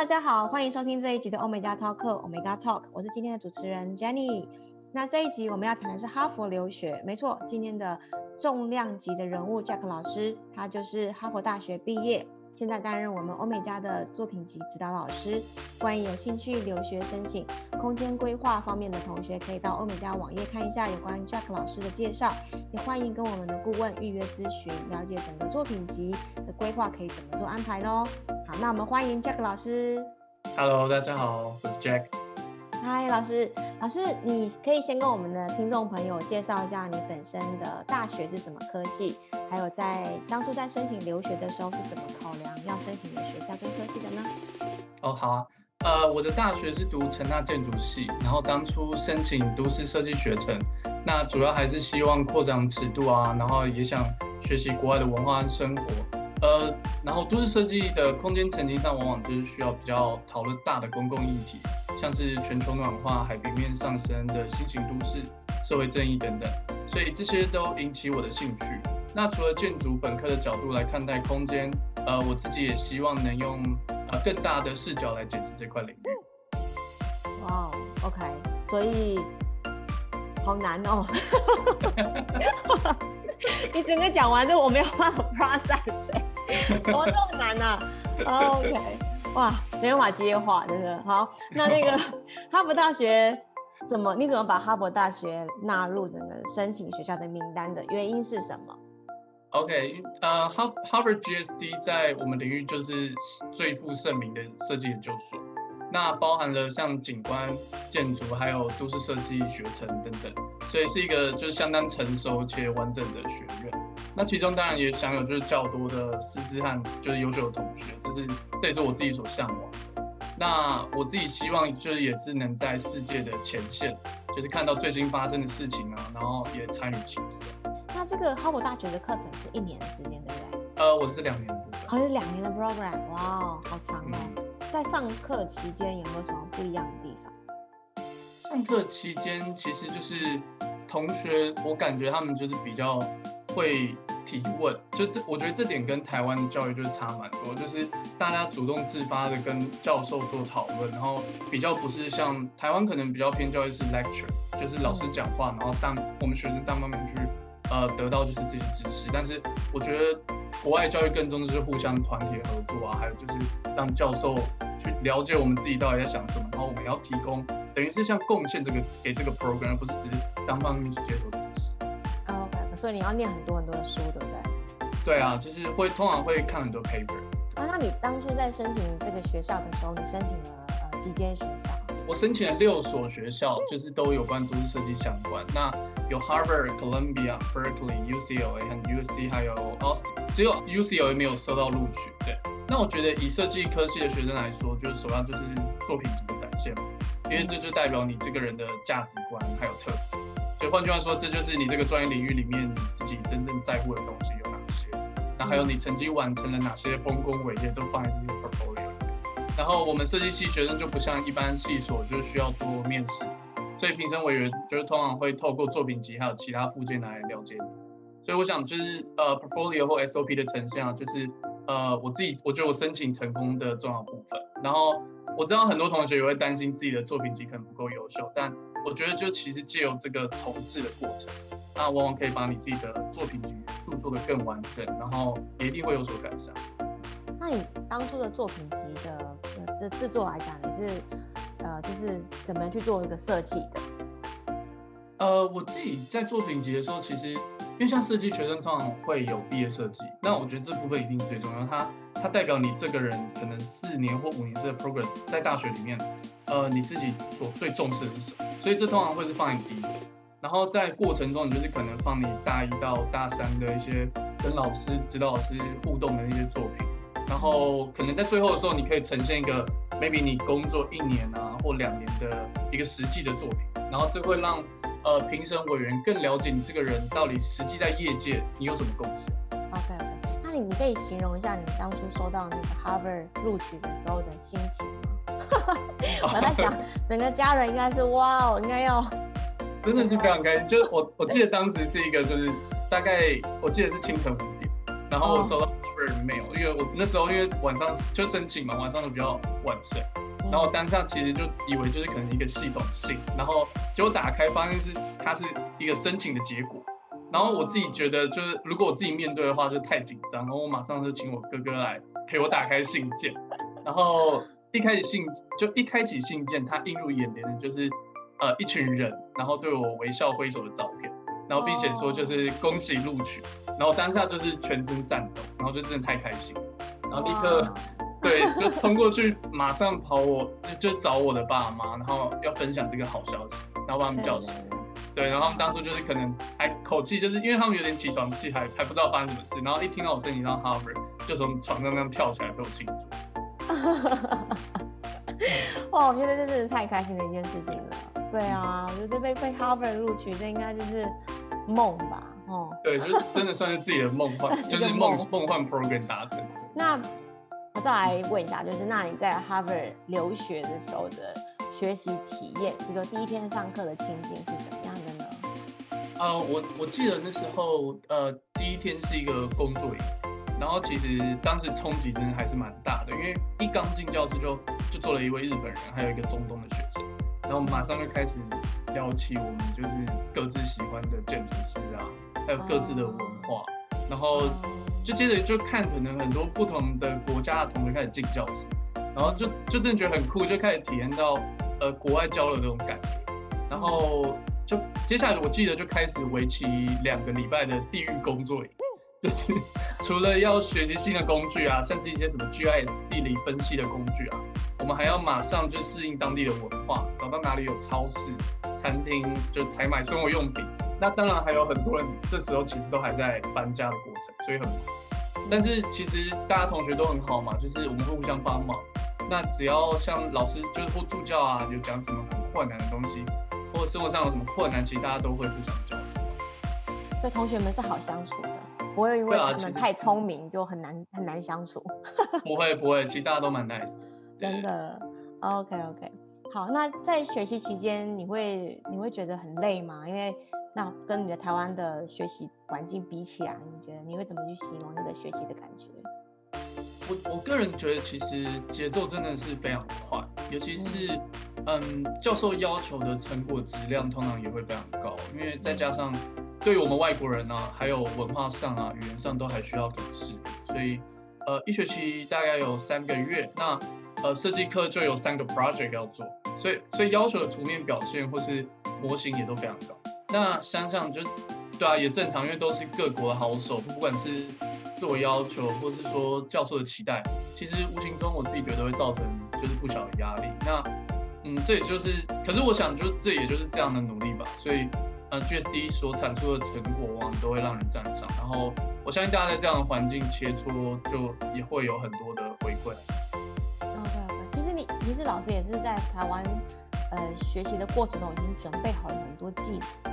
大家好，歡迎收聽這一集的《歐美加 Talk》，Omega Talk，我是今天的主持人 Jenny。那這一集我們要談的是哈佛留學，沒錯，今天的重量級的人物 Jack 老師，他就是哈佛大學畢業，現在擔任我們歐美加的作品集指導老師。關於有興趣留學申請、空間規劃方面的同學，可以到歐美加網頁看一下有關 Jack 老師的介紹，也歡迎跟我們的顧問預約諮詢，了解整個作品集的規劃可以怎麼做安排呢？好，那我們歡迎 Jack 老師。Hello，大家好，我是 Jack。嗨，老師，老師，你可以先跟我們的聽眾朋友介紹一下你本身的大學是什麼科系，還有在當初在申請留學的時候是怎麼考量要申請你的學校跟科系的呢？哦，oh, 好啊，呃，我的大學是讀成大建築系，然後當初申請都市設計學程，那主要還是希望擴展尺度啊，然後也想學習國外的文化跟生活。呃，然後都市設計的空間層級上，往往就是需要比較討論大的公共議題，像是全球暖化、海平面上升的新型都市、社會正義等等，所以這些都引起我的興趣。那除了建築本科的角度來看待空間，呃，我自己也希望能用、呃、更大的視角來解釋這塊領域。哇、wow，OK，所以好難哦， 你整個講完之後我沒有辦法 process 怎麼這麼 難啊，OK，哇，沒辦法接話，真的。好，那那個哈佛大學怎麼？你怎麼把哈佛大學納入整個申請學校的名單的原因是什麼？OK，呃哈，Harvard GSD 在我們領域就是最負盛名的設計研究所，那包含了像景觀、建築還有都市設計學程等等，所以是一個就是相當成熟且完整的學院。那其中當然也享有就是較多的師資和就是優秀的同學，這是這也是我自己所嚮往的。那我自己希望就是也是能在世界的前線，就是看到最新發生的事情啊，然後也參與其中。那這個哈佛大學的課程是一年的時間，對不對？呃，我是兩年。好像哦，兩年的 program，哇哦，好長哦。嗯，在上課期間有沒有什麼不一樣的地方？上課期間其實就是同學，我感覺他們就是比較。會提問，就這，我覺得這點跟台灣的教育就差蠻多，就是大家主動自發的跟教授做討論，然後比較不是像台灣可能比較偏教育是 lecture，就是老師講話，嗯、然後當我們學生單方面去呃得到就是自己知識，但是我覺得國外教育更重的是互相團體合作啊，還有就是讓教授去了解我們自己到底在想什麼，然後我們要提供，等於是像貢獻這個給這個 program，而不是只是單方面去接受。所以你要念很多很多的書，對不對？對啊，就是會通常會看很多 paper。啊，那你當初在申請這個學校的時候，你申請了幾、呃、間學校？我申請了六所學校，就是都有關都市設計相關。那有 Harvard、Columbia、Berkeley、UCLA 和 UC，還有 Austin，只有 UCLA 沒有收到錄取。對，那我覺得以設計科系的學生來說，就是首要就是作品集的展現嘛，因為這就代表你這個人的價值觀還有特色。所以換句話說，這就是你這個專業領域裡面，你自己真正在乎的東西有哪些？那還有你曾經完成了哪些豐功偉業，都放在這個 portfolio。然後我們設計系學生就不像一般系所，就需要做面試，所以評審委員就是通常會透過作品集還有其他附件來了解你。所以我想就是呃 portfolio 或 SOP 的呈現啊，就是呃我自己我覺得我申請成功的重要部分。然後我知道很多同學也會擔心自己的作品集可能不夠優秀，但我覺得，就其實借由這個重製的過程，那往往可以把你自己的作品集敘述得更完整，然後也一定會有所改善。那你當初的作品集的制作來講，你是呃，就是怎麼樣去做一個設計的？呃，我自己在作品集的時候，其實。因為像設計學生通常會有畢業設計，那我覺得這部分一定最重要，它它代表你這個人可能四年或五年這個 program 在大學裡面，呃，你自己所最重視的是什麼？所以這通常會是放在第一。然後在過程中，你就是可能放你大一到大三的一些跟老師、指導老師互動的一些作品。然後可能在最後的時候，你可以呈現一個 maybe 你工作一年啊或兩年的一個實際的作品，然後這會讓。呃，評審委員更了解你這個人到底實際在業界你有什麼貢獻？OK，OK，那你你可以形容一下你當初收到的那個 Harvard 錄取的時候的心情嗎？ 我在想， 整個家人應該是哇哦，我應該要真的是非常開心。 就是我我記得當時是一個就是大概我記得是清晨五點，然後我收到 Harvard mail，、嗯、因為我那時候因為晚上就申請嘛，晚上都比較晚睡。然後當下其實就以為就是可能一個系統性，然後結果打開發現是它是一個申請的結果，然後我自己覺得就是如果我自己面對的話就太緊張，然後我馬上就請我哥哥來陪我打開信件，然後一開始信就一開啟信件，他映入眼簾的就是呃一群人，然後對我微笑揮手的照片，然後並且說就是恭喜錄取，然後當下就是全身顫抖，然後就真的太開心了，然後立刻。 對，就衝過去，馬上跑我，我就就找我的爸媽，然後要分享這個好消息，然後把他們叫醒。對，對，對，對，然後他們當初就是可能還口氣，就是因為他們有點起床氣，還還不知道發生什麼事，然後一聽到我聲音，然後 Harvard 就從床上那樣跳起來被我慶祝。 哇，我覺得這真的太開心的一件事情了。對啊，我覺得被被 Harvard 錄取，這應該就是夢吧？哦、嗯。對，就真的算是自己的夢幻， 是夢就是夢夢幻 program 達成。 那。再來問一下，就是那你在哈佛留學的時候的學習體驗，比如說第一天上課的情景是怎樣的呢？呃，我我記得那時候，呃，第一天是一個工作營，然後其實當時衝擊真的還是蠻大的，因為一剛進教室就就坐了一位日本人，還有一個中東的學生，然後我們馬上就開始聊起我們就是各自喜歡的建築師啊，還有各自的文化。啊然後就接着就看，可能很多不同的國家的同學開始進教室，然後就就真的覺得很酷，就開始體驗到呃國外交流那種感覺。然後就接下來我記得就開始為期兩個禮拜的地獄工作營，就是除了要學習新的工具啊，像是一些什麼 GIS 地理分析的工具啊，我們還要馬上就適應當地的文化，找到哪裡有超市、餐廳，就採買生活用品。那當然，還有很多人這時候其實都還在搬家的過程，所以很忙。但是其實大家同學都很好嘛，就是我們會互相幫忙。那只要像老師，就是或助教啊，有講什麼很困難的東西，或者生活上有什麼困難，其實大家都會互相交流。所以同學們是好相處的，不會因為他們太聰明就很難，對啊，就很難，很難相處。 不會不會，其實大家都蠻 nice，真的。OK OK，好，那在學習期間你會你會覺得很累嗎？因為那跟你的台灣的學習環境比起來，你覺得你會怎麼去形容那個學習的感覺？我我個人覺得，其實節奏真的是非常快，尤其是嗯，嗯，教授要求的成果質量通常也會非常高，因為再加上對於我們外國人呢、啊，還有文化上啊、語言上都還需要解釋，所以呃，一學期大概有三個月，那呃，設計課就有三個 project 要做，所以所以要求的圖面表現或是模型也都非常高。那想想就，對啊，也正常，因為都是各國的好手，不管是做要求，或是說教授的期待，其實無形中我自己覺得會造成就是不小的壓力。那，嗯，這也就是，可是我想就，就這也就是這樣的努力吧。所以，呃，G S D 所產出的成果往往都會讓人讚賞。然後，我相信大家在這樣的環境切磋，就也會有很多的回饋。嗯，對，其實你，其實老師也是在台灣，呃，學習的過程中已經準備好了很多技能。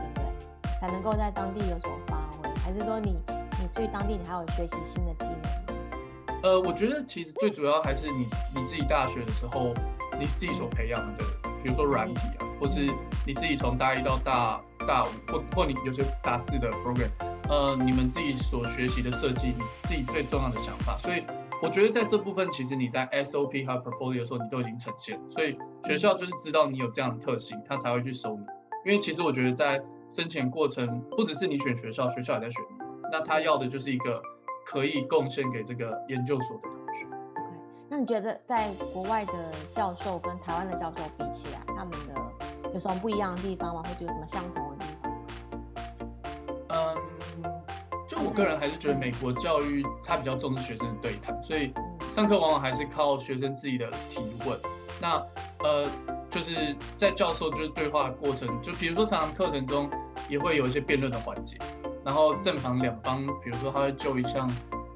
才能夠在當地有所發揮，還是說你你去當地你還有學習新的技能？呃，我覺得其實最主要還是你你自己大學的時候，你自己所培養的，對，比如說軟體啊，嗯、或是你自己從大一到大大五，或或你有些大四的 program，呃，你們自己所學習的設計，你自己最重要的想法。所以我覺得在這部分，其實你在 SOP 和 portfolio 的時候，你都已經呈現，所以學校就是知道你有這樣的特性，他才會去收你。因為其實我覺得在申請過程，不只是你選學校，學校也在選。那他要的就是一個可以貢獻給這個研究所的同學。Okay. 那你覺得在國外的教授跟台灣的教授比起來，他們的有什麼不一樣的地方嗎？或者有什麼相同的地方嗎？嗯，就我個人還是覺得美國教育他比較重視學生的對談，所以上課往往還是靠學生自己的提問。那呃。就是在教授就是對話的過程，就比如說常常課程中也會有一些辯論的環節，然後正反兩方，比如說他會就一項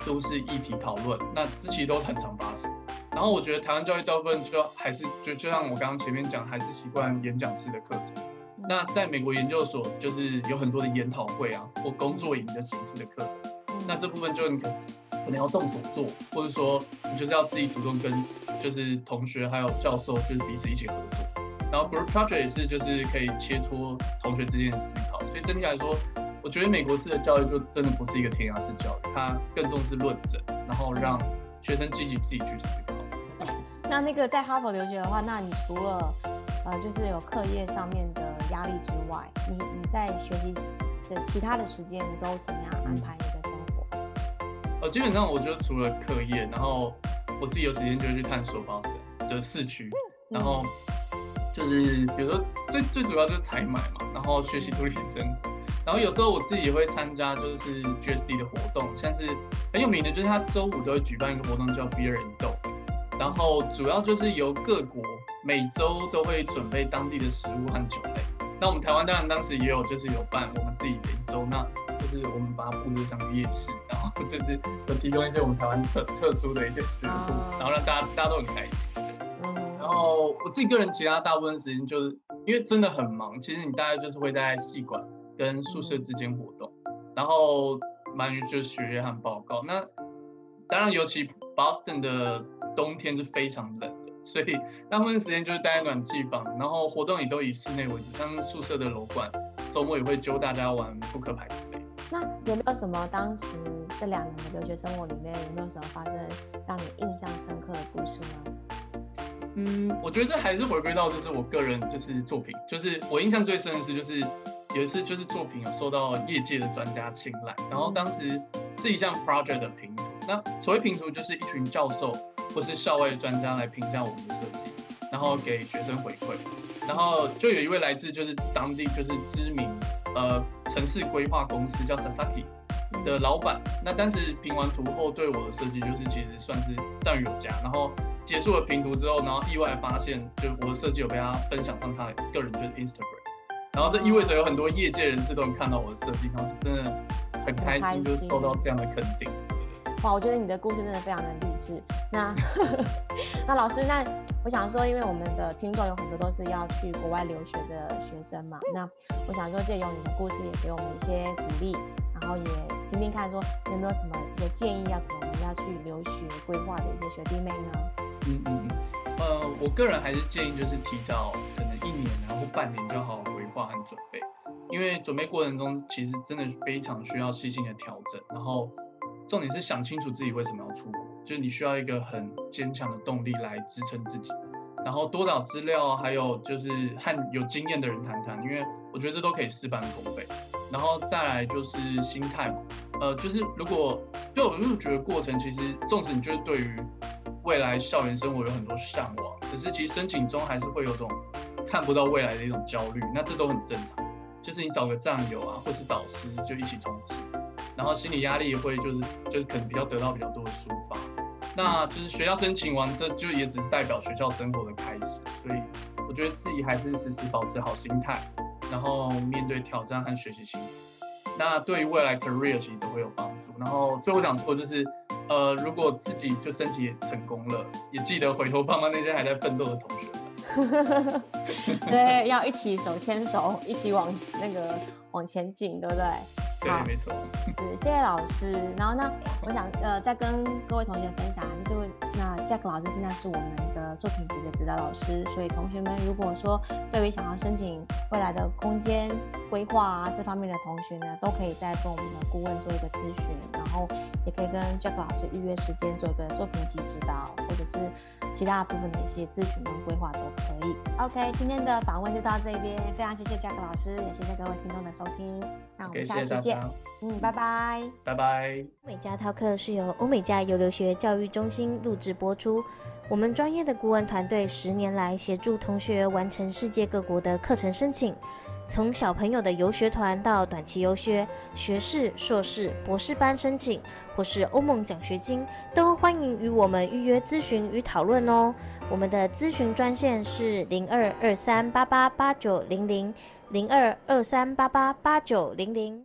都市議題討論，那這其實都很常發生。然後我覺得台灣教育大部分就還是就就像我剛剛前面講，還是習慣演講式的課程。那在美國研究所就是有很多的研討會啊，或工作營的形式的課程。那這部分就你可能要動手做，或者說你就是要自己主動跟就是同學還有教授就是彼此一起合作。然後 group project 也是就是可以切磋同學之間的思考。所以整體來說，我覺得美國式的教育就真的不是一個填鴨式教育，它更重視論證，然後讓學生積極自己去思考。那那個在哈佛留學的話，那你除了，呃，就是有課業上面的壓力之外，你你在學習的其他的時間都怎麼樣安排？嗯呃基本上，我就除了課業，然後我自己有時間就會去探索波士頓的市區，然後就是比如說最最主要就是採買嘛，然後學習獨立生然後有時候我自己也會參加就是 GSD 的活動，像是很有名的，就是他周五都會舉辦一個活動叫 Beer a n d o 然後主要就是由各國每周都會準備當地的食物和酒類，那我們台灣當然當時也有就是有辦我們自己的一周那。就是我們把它布置成夜市，然後就是有提供一些我們台灣特特殊的一些食物，oh. 然後讓大家大家都很開心。Oh. 然後我自己個人，其他大部分時間就是因為真的很忙，其實你大概就是會在系館跟宿舍之間活動，然後忙於就是學業和報告。那當然，尤其 Boston 的冬天是非常冷的，所以大部分時間就是待在暖氣房，然後活動也都以室內為主。像宿舍的樓管，周末也會揪大家玩撲克牌。那有沒有什麼當時這兩年的留學生活裡面，有沒有什麼發生讓你印象深刻的故事呢？嗯，我覺得這還是回歸到就是我個人就是作品，就是我印象最深的是就是有一次就是作品有受到業界的專家青睞，然後當時是一項 project 的評圖，那所謂評圖就是一群教授或是校外的專家來評價我們的設計，然後給學生回饋，然後就有一位來自就是當地就是知名。呃，城市規劃公司叫 Sasaki 的老闆，嗯、那當時評完圖後對我的設計就是其實算是讚譽有加。然後結束了評圖之後，然後意外發現，就我的設計有被他分享上他的個人就是 Instagram。然後這意味着有很多業界人士都能看到我的設計，然後就真的很開心，就是受到這樣的肯定。哇，我覺得你的故事真的非常的勵志。那 那老師，那我想說，因為我們的聽眾有很多都是要去國外留學的學生嘛，那我想說，借由你的故事也給我們一些鼓勵，然後也聽聽看，說有沒有什麼一些建議要給我們要去留學規劃的一些學弟妹呢？嗯嗯嗯，呃，我個人還是建議就是提早可能一年，然後半年就好好規劃和準備，因為準備過程中其實真的非常需要細心的調整，然後。重點是想清楚自己為什麼要出國，就是你需要一個很堅強的動力來支撐自己，然後多找資料，還有就是和有經驗的人談談，因為我覺得這都可以事半功倍。然後再來就是心態嘛，呃，就是如果對我就覺得過程其實，縱使你就是對於未來校園生活有很多向往，可是其實申請中還是會有種看不到未來的一種焦慮，那這都很正常。就是你找個戰友啊，或是導師，就一起衝刺。然後心理壓力也會就是就是可能比較得到比較多的抒發，那就是學校申請完，這就也只是代表學校生活的開始，所以我覺得自己還是時時保持好心態，然後面對挑戰和學習心，那對於未來 career 其實都會有幫助。然後最後想說就是，呃，如果自己就申請成功了，也記得回頭幫幫那些還在奮鬥的同學。 對，要一起手牽手， 一起往那個往前進，對不對？好對，沒錯。謝謝老師。然後呢，我想呃，再跟各位同學分享就是，是。Jack 老師現在是我們的作品集的指導老師，所以同學們如果說對於想要申請未來的空間規劃啊這方面的同學呢，都可以再跟我們的顧問做一個諮詢，然後也可以跟 Jack 老師預約時間做一個作品集指導，或者是其他部分的一些諮詢跟規劃都可以。OK，今天的訪問就到這邊，非常謝謝 Jack 老師，也謝謝各位聽眾的收聽，okay, 那我們下期見。thank you. 嗯，拜拜。拜拜。歐美加 Talk 是由歐美加遊留學教育中心錄制播出。出我們專業的顧問團隊，十年來協助同學完成世界各國的課程申請，從小朋友的遊學團到短期遊學、學士、碩士、博士班申請，或是歐盟獎學金，都歡迎與我們預約諮詢與討論哦。我們的諮詢專線是零二二三八八八九零零，零二二三八八八九零零。